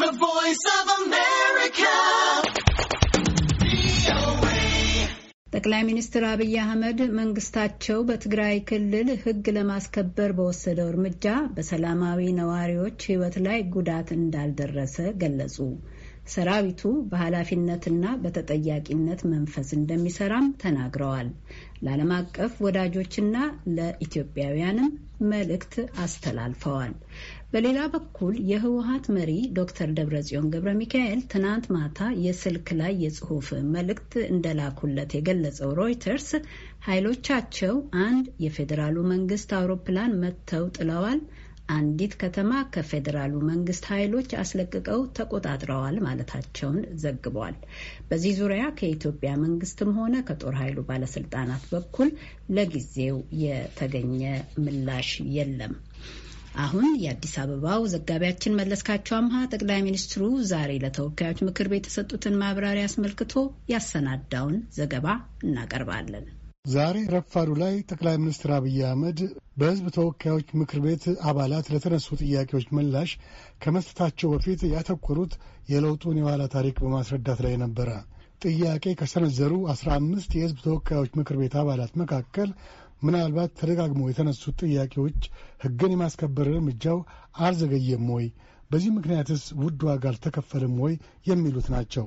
The Voice of America. ጠቅላይ ሚኒስትር አብይ አህመድ መንግስታቸው በትግራይ ክልል ሕግ ለማስከበር በወሰደው እርምጃ በሰላማዊ ነዋሪዎች ሕይወት ላይ ጉዳት እንዳልደረሰ ገለጹ። ሰራዊቱ በኃላፊነትና በተጠያቂነት መንፈስ እንደሚሰራም ተናግረዋል። ለዓለም አቀፍ ወዳጆችና ለኢትዮጵያውያንም መልእክት አስተላልፈዋል። በሌላ በኩል የህወሀት መሪ ዶክተር ደብረጽዮን ገብረ ሚካኤል ትናንት ማታ የስልክ ላይ የጽሑፍ መልእክት እንደላኩለት የገለጸው ሮይተርስ ኃይሎቻቸው አንድ የፌዴራሉ መንግስት አውሮፕላን መጥተው ጥለዋል አንዲት ከተማ ከፌዴራሉ መንግስት ኃይሎች አስለቅቀው ተቆጣጥረዋል ማለታቸውን ዘግቧል። በዚህ ዙሪያ ከኢትዮጵያ መንግስትም ሆነ ከጦር ኃይሉ ባለስልጣናት በኩል ለጊዜው የተገኘ ምላሽ የለም። አሁን የአዲስ አበባው ዘጋቢያችን መለስካቸው አምሃ ጠቅላይ ሚኒስትሩ ዛሬ ለተወካዮች ምክር ቤት የሰጡትን ማብራሪያ አስመልክቶ ያሰናዳውን ዘገባ እናቀርባለን። ዛሬ ረፋዱ ላይ ጠቅላይ ሚኒስትር አብይ አህመድ በሕዝብ ተወካዮች ምክር ቤት አባላት ለተነሱ ጥያቄዎች ምላሽ ከመስጠታቸው በፊት ያተኮሩት የለውጡን የኋላ ታሪክ በማስረዳት ላይ ነበረ። ጥያቄ ከሰነዘሩ አስራ አምስት የሕዝብ ተወካዮች ምክር ቤት አባላት መካከል ምናልባት ተደጋግሞ የተነሱት ጥያቄዎች ሕግን የማስከበር እርምጃው አልዘገየም ወይ፣ በዚህ ምክንያትስ ውድ ዋጋ አልተከፈልም ወይ የሚሉት ናቸው።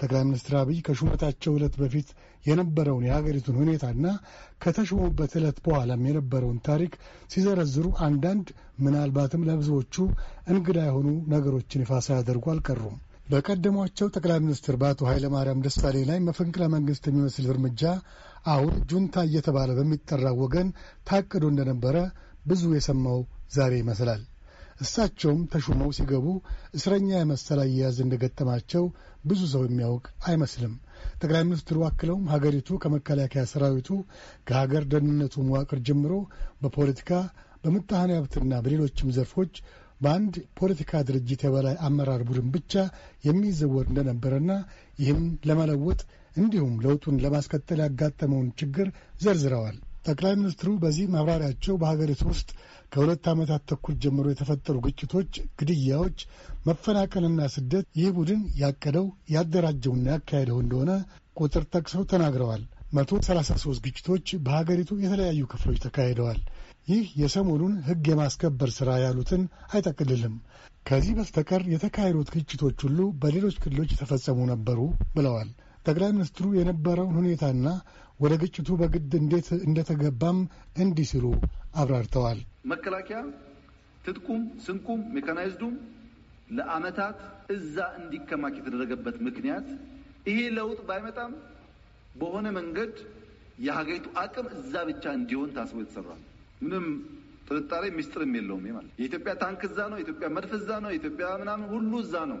ጠቅላይ ሚኒስትር አብይ ከሹመታቸው ዕለት በፊት የነበረውን የሀገሪቱን ሁኔታና ከተሾሙበት ዕለት በኋላም የነበረውን ታሪክ ሲዘረዝሩ አንዳንድ ምናልባትም ለብዙዎቹ እንግዳ የሆኑ ነገሮችን ይፋ ሳያደርጉ አልቀሩም። በቀደሟቸው ጠቅላይ ሚኒስትር በአቶ ኃይለማርያም ደሳሌ ላይ መፈንቅለ መንግስት የሚመስል እርምጃ አሁን ጁንታ እየተባለ በሚጠራው ወገን ታቅዶ እንደነበረ ብዙ የሰማው ዛሬ ይመስላል። እሳቸውም ተሹመው ሲገቡ እስረኛ የመሰል አያያዝ እንደገጠማቸው ብዙ ሰው የሚያውቅ አይመስልም። ጠቅላይ ሚኒስትሩ አክለውም ሀገሪቱ ከመከላከያ ሰራዊቱ ከሀገር ደህንነቱ መዋቅር ጀምሮ በፖለቲካ በምጣኔ ሀብትና በሌሎችም ዘርፎች በአንድ ፖለቲካ ድርጅት የበላይ አመራር ቡድን ብቻ የሚዘወር እንደነበረና ይህም ለመለወጥ እንዲሁም ለውጡን ለማስከተል ያጋጠመውን ችግር ዘርዝረዋል። ጠቅላይ ሚኒስትሩ በዚህ ማብራሪያቸው በሀገሪቱ ውስጥ ከሁለት ዓመታት ተኩል ጀምሮ የተፈጠሩ ግጭቶች፣ ግድያዎች፣ መፈናቀልና ስደት ይህ ቡድን ያቀደው ያደራጀውና ያካሄደው እንደሆነ ቁጥር ጠቅሰው ተናግረዋል። መቶ ሰላሳ ግጭቶች በሀገሪቱ የተለያዩ ክፍሎች ተካሂደዋል። ይህ የሰሞኑን ሕግ የማስከበር ሥራ ያሉትን አይጠቅልልም። ከዚህ በስተቀር የተካሄዱት ግጭቶች ሁሉ በሌሎች ክልሎች የተፈጸሙ ነበሩ ብለዋል። ጠቅላይ ሚኒስትሩ የነበረውን ሁኔታና ወደ ግጭቱ በግድ እንዴት እንደተገባም እንዲህ ሲሉ አብራርተዋል። መከላከያ ትጥቁም፣ ስንቁም፣ ሜካናይዝዱም ለአመታት እዛ እንዲከማክ የተደረገበት ምክንያት ይሄ ለውጥ ባይመጣም በሆነ መንገድ የሀገሪቱ አቅም እዛ ብቻ እንዲሆን ታስቦ የተሰራ ምንም ጥርጣሬ ሚስጥርም የለውም ማለት የኢትዮጵያ ታንክ እዛ ነው፣ የኢትዮጵያ መድፍ እዛ ነው፣ የኢትዮጵያ ምናምን ሁሉ እዛ ነው።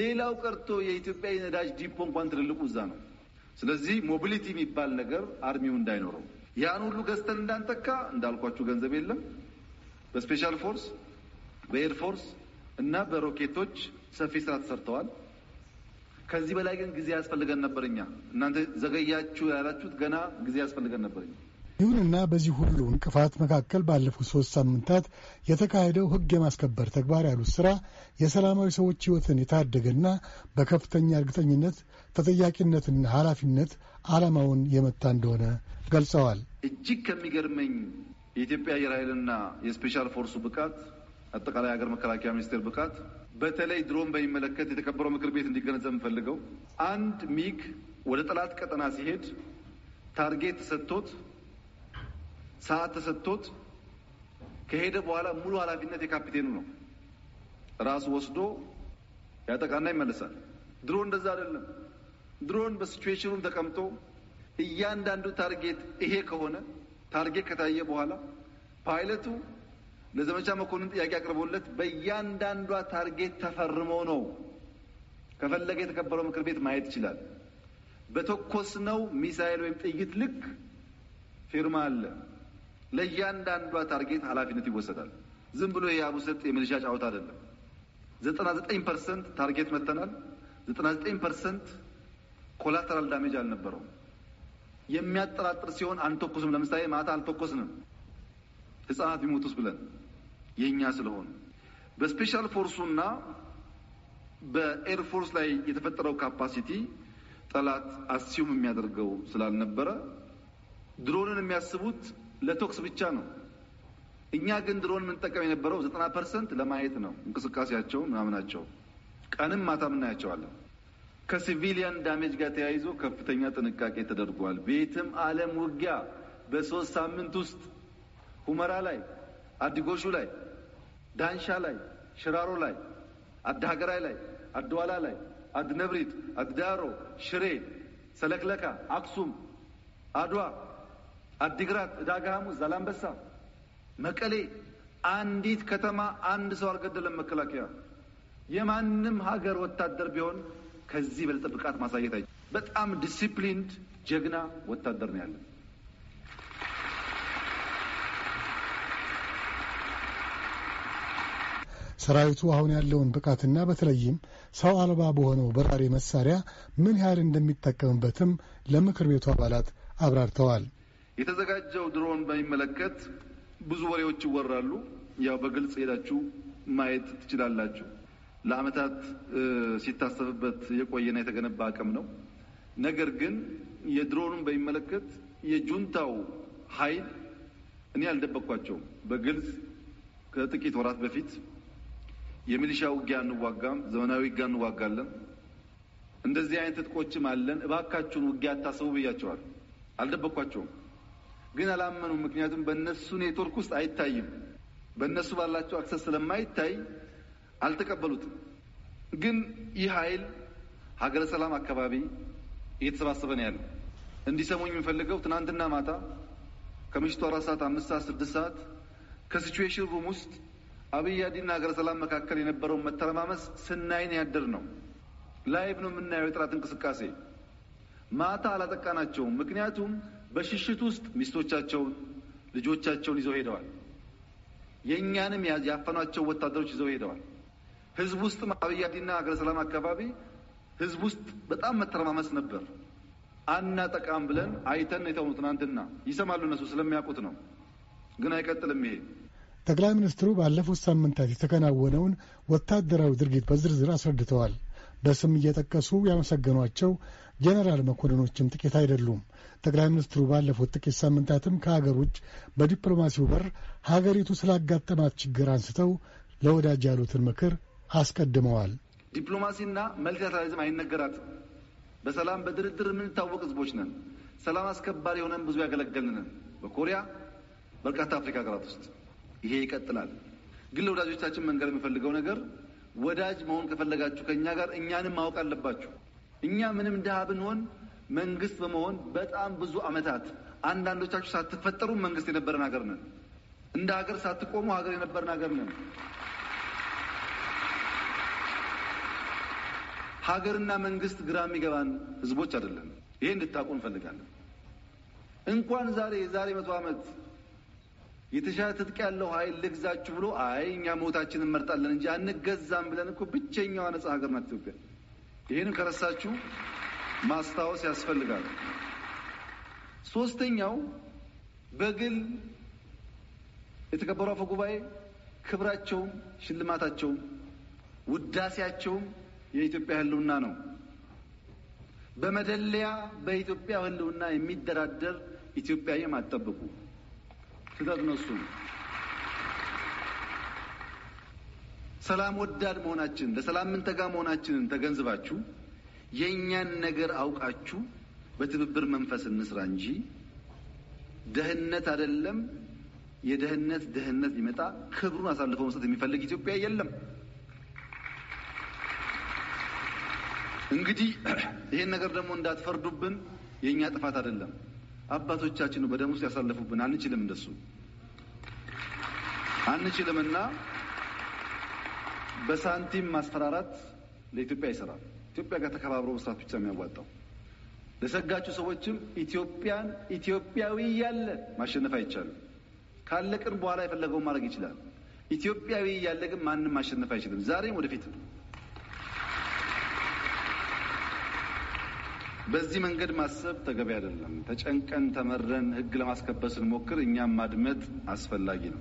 ሌላው ቀርቶ የኢትዮጵያ የነዳጅ ዲፖ እንኳን ትልልቁ እዛ ነው። ስለዚህ ሞቢሊቲ የሚባል ነገር አርሚው እንዳይኖረው ያን ሁሉ ገዝተን እንዳንጠካ እንዳልኳችሁ ገንዘብ የለም። በስፔሻል ፎርስ በኤር ፎርስ እና በሮኬቶች ሰፊ ስራ ተሰርተዋል። ከዚህ በላይ ግን ጊዜ ያስፈልገን ነበር። እኛ እናንተ ዘገያችሁ ያላችሁት ገና ጊዜ ያስፈልገን ነበር። ይሁንና በዚህ ሁሉ እንቅፋት መካከል ባለፉት ሶስት ሳምንታት የተካሄደው ሕግ የማስከበር ተግባር ያሉት ስራ የሰላማዊ ሰዎች ሕይወትን የታደገና በከፍተኛ እርግጠኝነት ተጠያቂነትና ኃላፊነት ዓላማውን የመታ እንደሆነ ገልጸዋል። እጅግ ከሚገርመኝ የኢትዮጵያ አየር ኃይልና የስፔሻል ፎርሱ ብቃት፣ አጠቃላይ ሀገር መከላከያ ሚኒስቴር ብቃት፣ በተለይ ድሮን በሚመለከት የተከበረው ምክር ቤት እንዲገነዘብ የምፈልገው አንድ ሚግ ወደ ጠላት ቀጠና ሲሄድ ታርጌት ሰጥቶት ሰዓት ተሰጥቶት ከሄደ በኋላ ሙሉ ኃላፊነት የካፒቴኑ ነው። ራሱ ወስዶ ያጠቃና ይመለሳል። ድሮ እንደዛ አይደለም። ድሮን በሲቹዌሽኑም ተቀምጦ እያንዳንዱ ታርጌት ይሄ ከሆነ ታርጌት ከታየ በኋላ ፓይለቱ ለዘመቻ መኮንን ጥያቄ አቅርቦለት በእያንዳንዷ ታርጌት ተፈርሞ ነው። ከፈለገ የተከበረው ምክር ቤት ማየት ይችላል። በተኮስነው ሚሳኤል ወይም ጥይት ልክ ፊርማ አለ። ለእያንዳንዷ ታርጌት ኃላፊነት ይወሰዳል። ዝም ብሎ የአቡሰጥ የሚሊሻ ጫወታ አይደለም። ዘጠና ዘጠኝ ፐርሰንት ታርጌት መተናል። ዘጠና ዘጠኝ ፐርሰንት ኮላተራል ዳሜጅ አልነበረውም። የሚያጠራጥር ሲሆን አንተኩስም። ለምሳሌ ማታ አልተኮስንም። ህጻናት ቢሞቱስ ብለን የእኛ ስለሆኑ በስፔሻል ፎርሱና በኤርፎርስ ላይ የተፈጠረው ካፓሲቲ ጠላት አስዩም የሚያደርገው ስላልነበረ ድሮንን የሚያስቡት ለቶክስ ብቻ ነው። እኛ ግን ድሮን የምንጠቀም የነበረው ዘጠና ፐርሰንት ለማየት ነው እንቅስቃሴያቸው ምናምናቸው ቀንም ማታ እናያቸዋለን። ከሲቪሊያን ዳሜጅ ጋር ተያይዞ ከፍተኛ ጥንቃቄ ተደርጓል። ቤትም ዓለም ውጊያ በሶስት ሳምንት ውስጥ ሁመራ ላይ፣ አዲጎሹ ላይ፣ ዳንሻ ላይ፣ ሽራሮ ላይ፣ አድሀገራይ ላይ፣ አድዋላ ላይ፣ አድነብሪት፣ አድዳሮ፣ ሽሬ፣ ሰለክለካ፣ አክሱም፣ አድዋ አዲግራት፣ ዕዳጋ ሐሙስ፣ ዛላምበሳ፣ መቀሌ አንዲት ከተማ አንድ ሰው አልገደለም። መከላከያ የማንም ሀገር ወታደር ቢሆን ከዚህ በለጠ ብቃት ማሳየት አይ በጣም ዲሲፕሊንድ ጀግና ወታደር ነው ያለን። ሰራዊቱ አሁን ያለውን ብቃትና በተለይም ሰው አልባ በሆነው በራሪ መሳሪያ ምን ያህል እንደሚጠቀምበትም ለምክር ቤቱ አባላት አብራርተዋል። የተዘጋጀው ድሮን በሚመለከት ብዙ ወሬዎች ይወራሉ። ያው በግልጽ ሄዳችሁ ማየት ትችላላችሁ። ለአመታት ሲታሰብበት የቆየና የተገነባ አቅም ነው። ነገር ግን የድሮኑን በሚመለከት የጁንታው ኃይል እኔ አልደበቅኳቸውም። በግልጽ ከጥቂት ወራት በፊት የሚሊሻ ውጊያ አንዋጋም፣ ዘመናዊ ውጊያ እንዋጋለን፣ እንደዚህ አይነት ትጥቆችም አለን፣ እባካችሁን ውጊያ አታስቡ ብያቸዋል። አልደበቅኳቸውም። ግን አላመኑ ምክንያቱም በእነሱ ኔትወርክ ውስጥ አይታይም፣ በእነሱ ባላቸው አክሰስ ስለማይታይ አልተቀበሉትም። ግን ይህ ኃይል ሀገረ ሰላም አካባቢ እየተሰባሰበ ነው ያለው። እንዲሰሙኝ የምፈልገው ትናንትና ማታ ከምሽቱ አራት ሰዓት አምስት ሰዓት ስድስት ሰዓት ከሲቹዌሽን ሩም ውስጥ አብይ አዲና ሀገረ ሰላም መካከል የነበረውን መተረማመስ ስናይን ያደር ነው። ላይቭ ነው የምናየው የጥራት እንቅስቃሴ። ማታ አላጠቃናቸውም፣ ምክንያቱም በሽሽት ውስጥ ሚስቶቻቸውን፣ ልጆቻቸውን ይዘው ሄደዋል። የእኛንም ያፈኗቸው ወታደሮች ይዘው ሄደዋል። ህዝብ ውስጥ አብያዲና አገረ ሰላም አካባቢ ህዝብ ውስጥ በጣም መተረማመስ ነበር። አናጠቃም ብለን አይተን የተውኑ ትናንትና ይሰማሉ። እነሱ ስለሚያውቁት ነው። ግን አይቀጥልም ይሄ ጠቅላይ ሚኒስትሩ ባለፉት ሳምንታት የተከናወነውን ወታደራዊ ድርጊት በዝርዝር አስረድተዋል። በስም እየጠቀሱ ያመሰገኗቸው ጄኔራል መኮንኖችም ጥቂት አይደሉም። ጠቅላይ ሚኒስትሩ ባለፉት ጥቂት ሳምንታትም ከሀገር ውጭ በዲፕሎማሲው በር ሀገሪቱ ስላጋጠማት ችግር አንስተው ለወዳጅ ያሉትን ምክር አስቀድመዋል። ዲፕሎማሲና መልቲላተራሊዝም አይነገራትም። በሰላም በድርድር የምንታወቅ ህዝቦች ነን። ሰላም አስከባሪ የሆነን ብዙ ያገለገልንን በኮሪያ በርካታ አፍሪካ ሀገራት ውስጥ ይሄ ይቀጥላል። ግን ለወዳጆቻችን መንገር የምፈልገው ነገር ወዳጅ መሆን ከፈለጋችሁ ከእኛ ጋር እኛንም ማወቅ አለባችሁ። እኛ ምንም ድሃ ብንሆን መንግስት በመሆን በጣም ብዙ አመታት አንዳንዶቻችሁ ሳትፈጠሩ መንግስት የነበረን ሀገር ነን። እንደ ሀገር ሳትቆሙ ሀገር የነበረን ሀገር ነን። ሀገርና መንግስት ግራ የሚገባን ህዝቦች አይደለም። ይሄ እንድታቁ እንፈልጋለን። እንኳን ዛሬ የዛሬ መቶ ዓመት የተሻለ ትጥቅ ያለው ኃይል ልግዛችሁ ብሎ አይ እኛ ሞታችን እንመርጣለን እንጂ አንገዛም ብለን እኮ ብቸኛዋ ነጻ ሀገር ናት ኢትዮጵያ። ይህን ከረሳችሁ ማስታወስ ያስፈልጋል። ሶስተኛው በግል የተከበሩ አፈ ጉባኤ ክብራቸውም ሽልማታቸውም ውዳሴያቸውም የኢትዮጵያ ሕልውና ነው። በመደለያ በኢትዮጵያ ሕልውና የሚደራደር ኢትዮጵያዊም አጠብቁ። ስህተት ነው ሰላም ወዳድ መሆናችንን ለሰላም ምንተጋ መሆናችንን ተገንዝባችሁ የእኛን ነገር አውቃችሁ በትብብር መንፈስ እንስራ እንጂ ደህንነት አይደለም የደህንነት ደህንነት ሊመጣ ክብሩን አሳልፎ መስጠት የሚፈልግ ኢትዮጵያ የለም። እንግዲህ ይህን ነገር ደግሞ እንዳትፈርዱብን የእኛ ጥፋት አይደለም። አባቶቻችን በደም ውስጥ ያሳለፉብን፣ አንችልም እንደሱ አንችልምና በሳንቲም ማስፈራራት ለኢትዮጵያ ይሰራል። ኢትዮጵያ ጋር ተከባብሮ መስራት ብቻ የሚያዋጣው ለሰጋችሁ ሰዎችም ኢትዮጵያን ኢትዮጵያዊ እያለ ማሸነፍ አይቻልም። ካለቅን በኋላ የፈለገውን ማድረግ ይችላል። ኢትዮጵያዊ እያለ ግን ማንም ማሸነፍ አይችልም። ዛሬም ወደፊት በዚህ መንገድ ማሰብ ተገቢ አይደለም። ተጨንቀን ተመረን ህግ ለማስከበር ስንሞክር እኛም ማድመጥ አስፈላጊ ነው።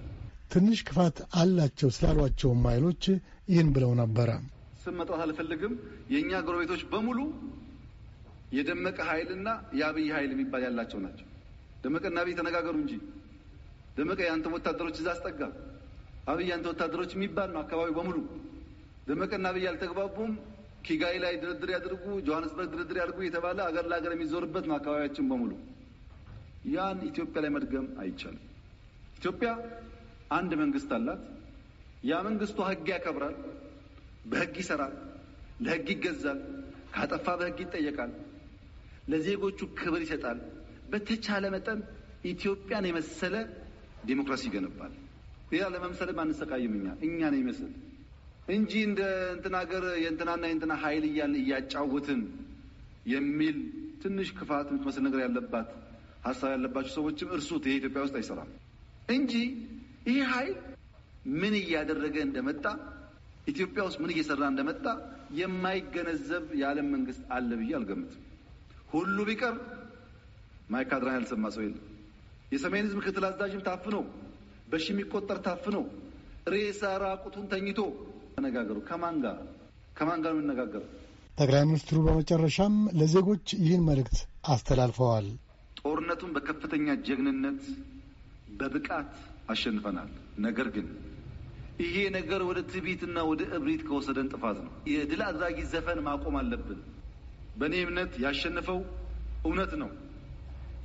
ትንሽ ክፋት አላቸው ስላሏቸውም ኃይሎች ይህን ብለው ነበረ። ስም መጥራት አልፈልግም። የእኛ ጎረቤቶች በሙሉ የደመቀ ኃይልና የአብይ ኃይል የሚባል ያላቸው ናቸው። ደመቀና አብይ ተነጋገሩ እንጂ ደመቀ የአንተ ወታደሮች እዛ አስጠጋ፣ አብይ የአንተ ወታደሮች የሚባል ነው አካባቢው በሙሉ። ደመቀና አብይ አልተግባቡም። ኪጋይ ላይ ድርድር ያድርጉ፣ ጆሀንስበርግ ድርድር ያድርጉ የተባለ አገር ለአገር የሚዞርበት ነው አካባቢያችን በሙሉ። ያን ኢትዮጵያ ላይ መድገም አይቻልም። ኢትዮጵያ አንድ መንግስት አላት። ያ መንግስቱ ህግ ያከብራል፣ በህግ ይሰራል፣ ለህግ ይገዛል፣ ካጠፋ በህግ ይጠየቃል፣ ለዜጎቹ ክብር ይሰጣል። በተቻለ መጠን ኢትዮጵያን የመሰለ ዴሞክራሲ ይገነባል። ሌላ ለመምሰል አንሰቃይም። እኛ እኛን ይመስል እንጂ እንደ እንትን ሀገር የእንትናና የእንትና ኃይል እያለ እያጫወትን የሚል ትንሽ ክፋት የምትመስል ነገር ያለባት ሀሳብ ያለባቸው ሰዎችም እርሱት ይሄ ኢትዮጵያ ውስጥ አይሰራም እንጂ ይህ ኃይል ምን እያደረገ እንደመጣ ኢትዮጵያ ውስጥ ምን እየሰራ እንደመጣ የማይገነዘብ የዓለም መንግስት አለ ብዬ አልገምትም። ሁሉ ቢቀር ማይካድራን ያልሰማ ሰው የለም። የሰሜን ህዝብ ምክትል አዛዥም ታፍኖ በሺ የሚቆጠር ታፍኖ ሬሳ ራቁቱን ተኝቶ ተነጋገሩ። ከማን ጋር ከማን ጋር የሚነጋገሩ? ጠቅላይ ሚኒስትሩ በመጨረሻም ለዜጎች ይህን መልእክት አስተላልፈዋል። ጦርነቱን በከፍተኛ ጀግንነት በብቃት አሸንፈናል። ነገር ግን ይሄ ነገር ወደ ትዕቢትና ወደ እብሪት ከወሰደን ጥፋት ነው። የድል አድራጊ ዘፈን ማቆም አለብን። በእኔ እምነት ያሸነፈው እውነት ነው።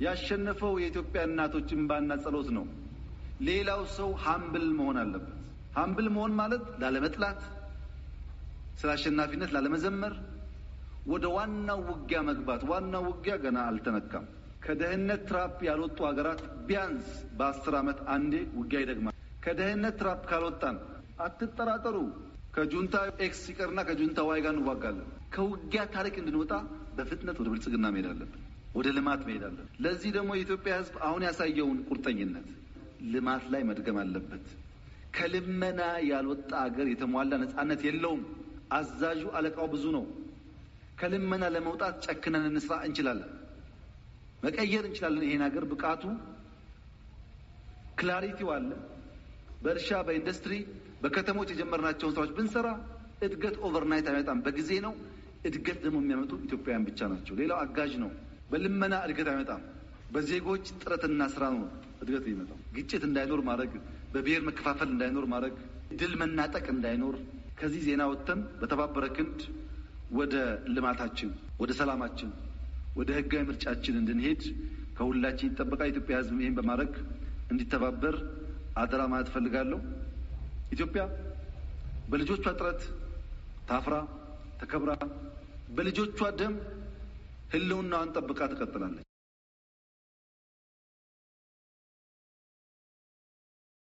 ያሸነፈው የኢትዮጵያ እናቶች እንባና ጸሎት ነው። ሌላው ሰው ሀምብል መሆን አለበት። ሀምብል መሆን ማለት ላለመጥላት፣ ስለ አሸናፊነት ላለመዘመር፣ ወደ ዋናው ውጊያ መግባት። ዋናው ውጊያ ገና አልተነካም። ከደህንነት ትራፕ ያልወጡ ሀገራት ቢያንስ በአስር ዓመት አንዴ ውጊያ ይደግማል። ከደህንነት ትራፕ ካልወጣን አትጠራጠሩ፣ ከጁንታ ኤክስ ይቀርና ከጁንታ ዋይ ጋር እንዋጋለን። ከውጊያ ታሪክ እንድንወጣ በፍጥነት ወደ ብልጽግና መሄድ አለብን፣ ወደ ልማት መሄድ አለብን። ለዚህ ደግሞ የኢትዮጵያ ሕዝብ አሁን ያሳየውን ቁርጠኝነት ልማት ላይ መድገም አለበት። ከልመና ያልወጣ አገር የተሟላ ነጻነት የለውም። አዛዡ አለቃው ብዙ ነው። ከልመና ለመውጣት ጨክነን እንስራ፣ እንችላለን። መቀየር እንችላለን። ይሄን ሀገር ብቃቱ ክላሪቲው አለ። በእርሻ በኢንዱስትሪ፣ በከተሞች የጀመርናቸውን ስራዎች ብንሰራ እድገት ኦቨርናይት አይመጣም፣ በጊዜ ነው። እድገት ደግሞ የሚያመጡ ኢትዮጵያውያን ብቻ ናቸው። ሌላው አጋዥ ነው። በልመና እድገት አይመጣም። በዜጎች ጥረትና ስራ ነው እድገት የሚመጣው። ግጭት እንዳይኖር ማድረግ፣ በብሔር መከፋፈል እንዳይኖር ማድረግ፣ ድል መናጠቅ እንዳይኖር። ከዚህ ዜና ወጥተን በተባበረ ክንድ ወደ ልማታችን፣ ወደ ሰላማችን ወደ ህጋዊ ምርጫችን እንድንሄድ ከሁላችን ይጠበቃል። ኢትዮጵያ ህዝብ ይህን በማድረግ እንዲተባበር አደራ ማለት እፈልጋለሁ። ኢትዮጵያ በልጆቿ ጥረት ታፍራ ተከብራ በልጆቿ ደም ህልውናዋን ጠብቃ ትቀጥላለች።